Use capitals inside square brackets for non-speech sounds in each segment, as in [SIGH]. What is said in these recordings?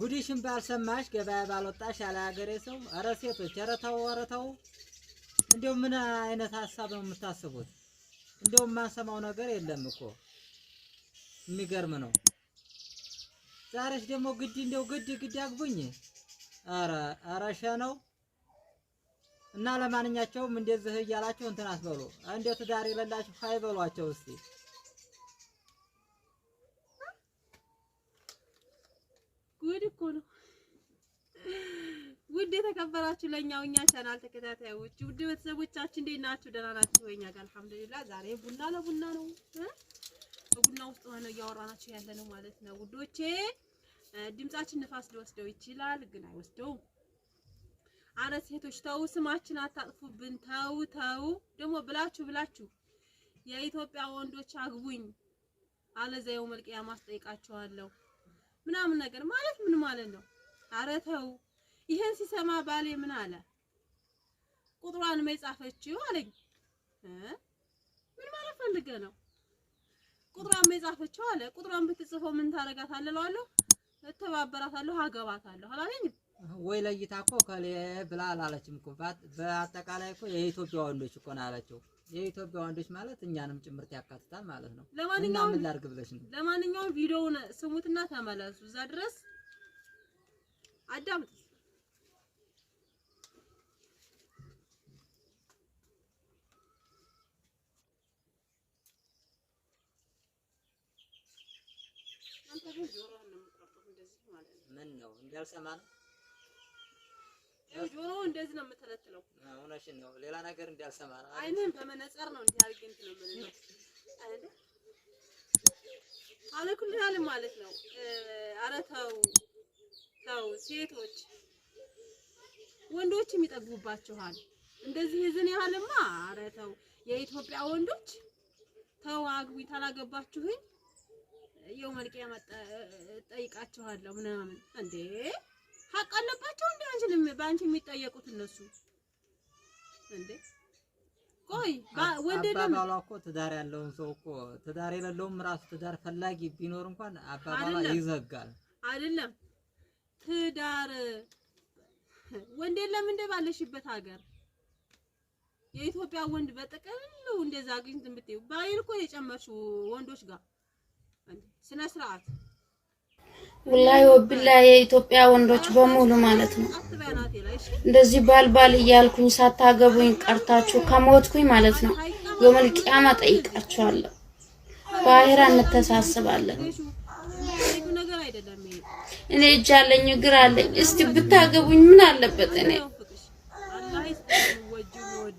ጉዲሽን ባልሰማሽ ገበያ ባልወጣሽ ያለ ሀገሬ ሰው። ኧረ ሴቶች ኧረ ተው ኧረ ተው። እንዲያው ምን አይነት ሀሳብ ነው የምታስቡት? እንዲያው የማንሰማው ነገር የለም እኮ የሚገርም ነው። ዛሬስ ደግሞ ግድ እንዲያው ግድ ግድ አግቡኝ። ኧረ ኧረ ሸ ነው እና ለማንኛቸውም እንደዚህ እያላቸው እንትን አትበሉ። እንዲያው ትዳር የሌላችሁ ሀይ በሏቸው እስቲ። ነው። ውድ የተከበራችሁ ለእኛው እኛ ቻናል ተከታታዮች ውድ ቤተሰቦቻችን እንዴት ናችሁ? ደህና ናችሁ ወይ? እኛ ጋር አልሐምዱሊላህ። ዛሬ ቡና ለቡና ነው። በቡና ውስጥ ሆነ እያወራናችሁ ያለ ነው ማለት ነው ውዶቼ። ድምጻችን ንፋስ ሊወስደው ይችላል፣ ግን አይወስደውም። አረ ሴቶች ተው፣ ስማችን አታጥፉብን። ተው ተው፣ ደግሞ ብላችሁ ብላችሁ የኢትዮጵያ ወንዶች አግቡኝ፣ አለዚያው መልቅያ ማስጠይቃችኋለሁ ምናምን ነገር ማለት ምን ማለት ነው? አረተው ተው። ይሄን ሲሰማ ባሌ ምን አለ? ቁጥሯን መጻፈችው አለኝ። ምን ማለት ፈልገህ ነው? ቁጥሯን መጻፈችው አለ። ቁጥሯን ብትጽፈው ምን ታደርጋታለህ? እለዋለሁ። እተባበራታለሁ፣ አገባታለሁ አላለኝም ወይ? ለይታ እኮ ከሌ ብላ አላለችም እኮ። በአጠቃላይ እኮ የኢትዮጵያ ወንዶች እኮ ነው ያለችው። የኢትዮጵያ ወንዶች ማለት እኛንም ጭምርት ያካትታል ማለት ነው። ለማንኛውም ምን ላድርግ ብለሽ ነው። ለማንኛውም ቪዲዮውን ስሙትና ተመለሱ። እዛ ድረስ አዳምጡ። ምን ነው እንዳልሰማ ነው ጆሮ እንደዚህ ነው የምትለጥለው። እውነትሽን ነው። ሌላ ነገር እንዳልሰማ ነው። አይንን በመነጽር ነው እንዲህ አድርጌ እንትን ነው የምልህ። አለኩልናል ማለት ነው። ኧረ ተው ተው፣ ሴቶች ወንዶችም ይጠግቡባችኋል። እንደዚህ ይዝን ያህልማ ኧረ ተው። የኢትዮጵያ ወንዶች ተው፣ አግቢ ታላገባችሁኝ የው መልቄ ጠይቃችኋለሁ ምናምን። እንዴ ሀቅ አለባቸው። በአንቺ የሚጠየቁት እነሱ እንዴ? ቆይ አባባሏ እኮ ትዳር ያለውን ሰው እኮ ትዳር የሌለውም ራሱ ትዳር ፈላጊ ቢኖር እንኳን አባባሏ ይዘጋል። አይደለም ትዳር ወንድ የለም እንደ ባለሽበት ሀገር የኢትዮጵያ ወንድ በጥቅሉ እንደዛ አግኝተን ብትይው ባይል እኮ የጨመርሽው ወንዶች ጋር ስነ ስርዓት ውላይ ወብላ የኢትዮጵያ ወንዶች በሙሉ ማለት ነው እንደዚህ ባልባል እያልኩኝ ሳታገቡኝ ቀርታችሁ ከሞትኩኝ ማለት ነው የውመል ቂያማ ጠይቃችኋለሁ። ባህራ እንተሳስባለን። እኔ እጅ አለኝ እግር አለኝ። እስቲ ብታገቡኝ ምን አለበት? እኔ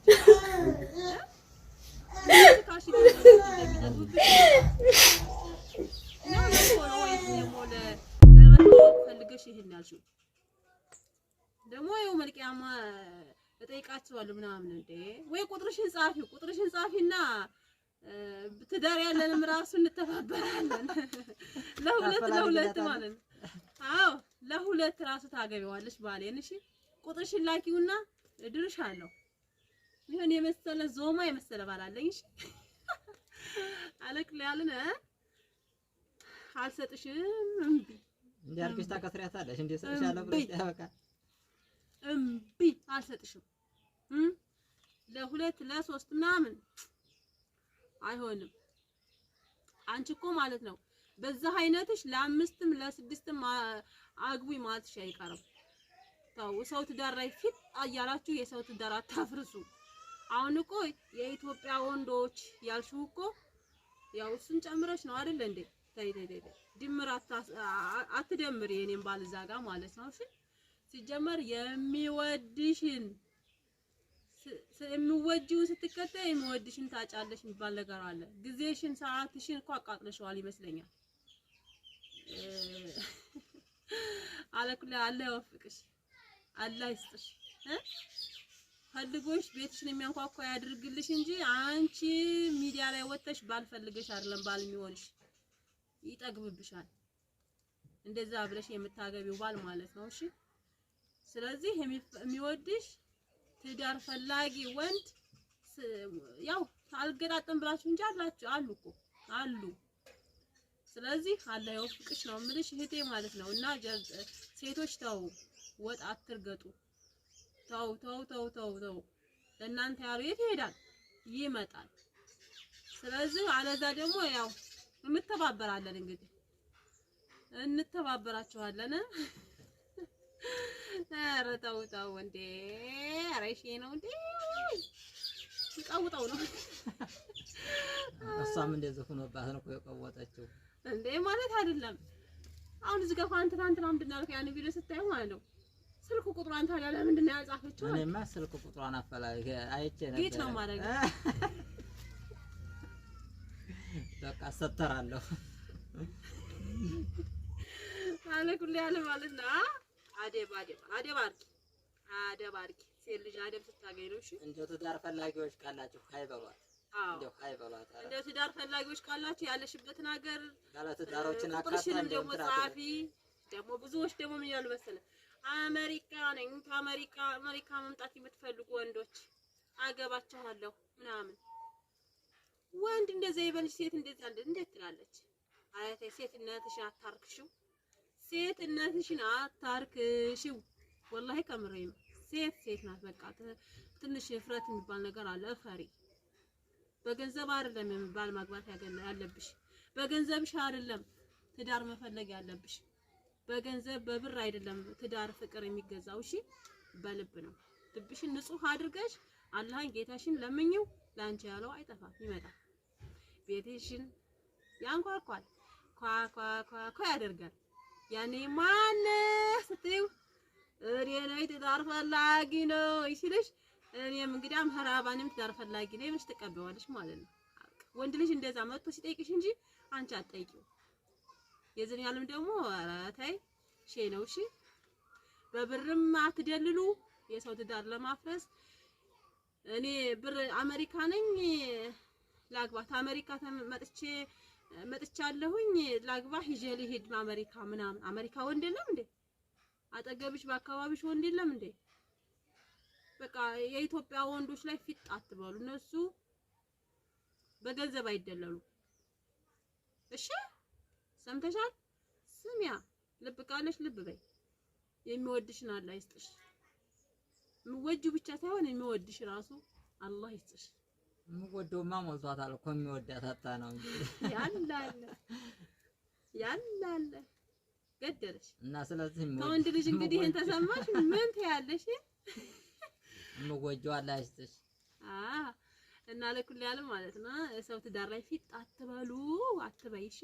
[LAUGHS] ፈልገሽ ይሄን ያልሽው ደግሞ ይኸው መልቂያማ እጠይቃቸዋለሁ ምናምን እንደ ወይ ቁጥርሽን ጻፊ ቁጥርሽን ጻፊና ትዳር ያለንም ራሱ እንተባበራለን። [LAUGHS] ለሁለት ለሁለት ማለት ነው። አዎ ለሁለት ራሱ ታገቢዋለሽ ባሌን። እሺ ቁጥርሽን ላኪውና እድርሻለሁ። ይሄን የመሰለ ዞማ የመሰለ ባላለኝ እሺ አለቅ ላይ ያለን አልሰጥሽም፣ እምቢ ታከስሪያታለሽ እንዴ ሰጥሻለሁ ብለሽ እምቢ አልሰጥሽም። ለሁለት ለሶስት ምናምን አይሆንም። አንቺ እኮ ማለት ነው በዛ አይነትሽ ለአምስትም ለስድስትም አግቢ ማለትሽ አይቀርም። ተው ሰው ትዳር ላይ ፊት እያላችሁ የሰው ትዳር አታፍርሱ። አሁን እኮ የኢትዮጵያ ወንዶች ያልሽው እኮ ያው እሱን ጨምረሽ ነው አይደል እንዴ? ተይ ድምር አትደምር የኔን ባል እዛ ጋር ማለት ነው። እሺ ሲጀመር የሚወድሽን የሚወጂው ስትከተይ የሚወድሽን ታጫለሽ የሚባል ነገር አለ። ጊዜሽን ሰዓትሽን እኮ አቃጥለሽዋል ይመስለኛል። አለኩላ አለ ወፍቅሽ አለ ይስጥሽ ፈልጎሽ ቤትሽን የሚያንኳኳ ያድርግልሽ እንጂ አንቺ ሚዲያ ላይ ወጥተሽ ባልፈልገሽ አይደለም ባል የሚሆንሽ። ይጠግብብሻል። እንደዛ ብለሽ የምታገቢው ባል ማለት ነው። እሺ ስለዚህ የሚወድሽ ትዳር ፈላጊ ወንድ ያው አልገጣጠም ብላችሁ እንጂ አላችሁ አሉ እኮ አሉ። ስለዚህ አላህ ይወፍቅሽ ነው የምልሽ እህቴ ማለት ነው። እና ሴቶች ተው ወጥ አትርገጡ። ተው ተው ተው ተው ተው። ለእናንተ ያሉ የት ይሄዳል ይመጣል። ስለዚህ አለዛ ደግሞ ያው እንተባበራለን። እንግዲህ እንተባበራችኋለን። ኧረ ተው ተው እንዴ! ኧረ ይሄ ነው እንዴ! ቀውጠው ነው እሷም እንደዚህ ሆኖባት ነው እኮ የቀወጠችው። እንዴ ማለት አይደለም። አሁን እዚህ ጋር አንተ ትናንትና ምንድን አልከኝ? ያን ቪዲዮ ስታየው ማለት ነው ስልክ ቁጥሯን ታዲያ ለምንድን ነው ያጻፈችው? እኔማ ስልክ ቁጥሯን አፈላልጌ አይቼ ነበር። ጌጥ ነው የማደርገው በቃ ሰተራለሁ አለኩል ያለ ማለት ነው። አደብ አደብ አደብ አድርጊ አደብ አድርጊ ሴት ልጅ አደብ ስታገኝ ነው። እሺ እንደው ትዳር ፈላጊዎች ካላችሁ ካይበሏት እንደው ካይበሏት እንደው ትዳር ፈላጊዎች ካላችሁ ያለሽበትን ሀገር ያለ ትዳሮችን ደግሞ ጸሐፊ ደግሞ ብዙዎች ደግሞ ምን ያሉ መሰለህ አሜሪካ ነኝ ከአሜሪካ አሜሪካ መምጣት የምትፈልጉ ወንዶች አገባችኋለሁ ምናምን ወንድ እንደዛ ይበልሽ፣ ሴት እንደዛ እንዴት ትላለች? አያቴ ሴትነትሽን አታርክሽው፣ ሴትነትሽን አታርክሽው። ወላሂ ከምሬ ነው። ሴት ሴት ናት። በቃ ትንሽ እፍረት የሚባል ነገር አለ። እፈሪ። በገንዘብ አይደለም የሚባል ማግባት ያለብሽ፣ በገንዘብሽ አይደለም ትዳር መፈለግ ያለብሽ። በገንዘብ በብር አይደለም ትዳር ፍቅር የሚገዛው። እሺ፣ በልብ ነው። ልብሽን ንጹህ አድርገሽ አላህን ጌታሽን ለምኝው ለአንቺ ያለው አይጠፋም፣ ይመጣል። ቤትሽን ያንኳኳል፣ ኳኳኳኳ ያደርጋል። ያኔ ማን ስትይው እኔ ነኝ ትዳር ፈላጊ ነው ሲልሽ፣ እኔም እንግዲህ አምሃራ ባንም ትዳር ፈላጊ ነው ብለሽ ትቀበዋለሽ ማለት ነው። ወንድ ልጅ እንደዛ መጥቶ ሲጠይቅሽ እንጂ አንቺ አትጠይቂው። የዝን ያለም ደግሞ ኧረ ተይ ሼ ነው። እሺ በብርም አትደልሉ የሰው ትዳር ለማፍረስ እኔ ብር አሜሪካ ነኝ ላግባት አሜሪካ መጥቼ መጥቻለሁኝ ላግባ ሂጄ ልሂድ አሜሪካ ምናምን አሜሪካ ወንድ የለም እንዴ አጠገብሽ በአካባቢሽ ወንድ የለም እንዴ በቃ የኢትዮጵያ ወንዶች ላይ ፊት አትበሉ እነሱ በገንዘብ አይደለሉ እሺ ሰምተሻል ስሚያ ልብ ቃለሽ ልብ በይ የሚወድሽን አላ ይስጥሽ የምወጂው ብቻ ሳይሆን የሚወድሽ ራሱ አላህ ይስጥሽ። የምወደውማ ሞልቷታል እኮ የሚወዳት አጣ ነው እንጂ ያላለ ያላለ ገደለሽ እና ስለዚህ ከወንድ ልጅ እንግዲህ ይሄን ተሰማሽ ምን ትያለሽ? የምወጂው አላህ ይስጥሽ። አዎ እና ለኩል ያለ ማለት ነው። ሰው ትዳር ላይ ፊት አትበሉ አትበይሽ።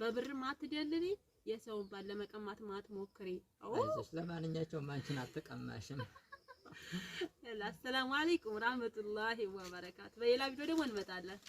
በብር ማትደልሪ የሰውን ባል ለመቀማት ማትሞክሪ። አዎ ለማንኛቸውም አንቺን አትቀማሽም። አሰላሙ አለይኩም ወራህመቱላሂ ወበረካቱ። በሌላ ቪዲዮ ደግሞ እንመጣለን።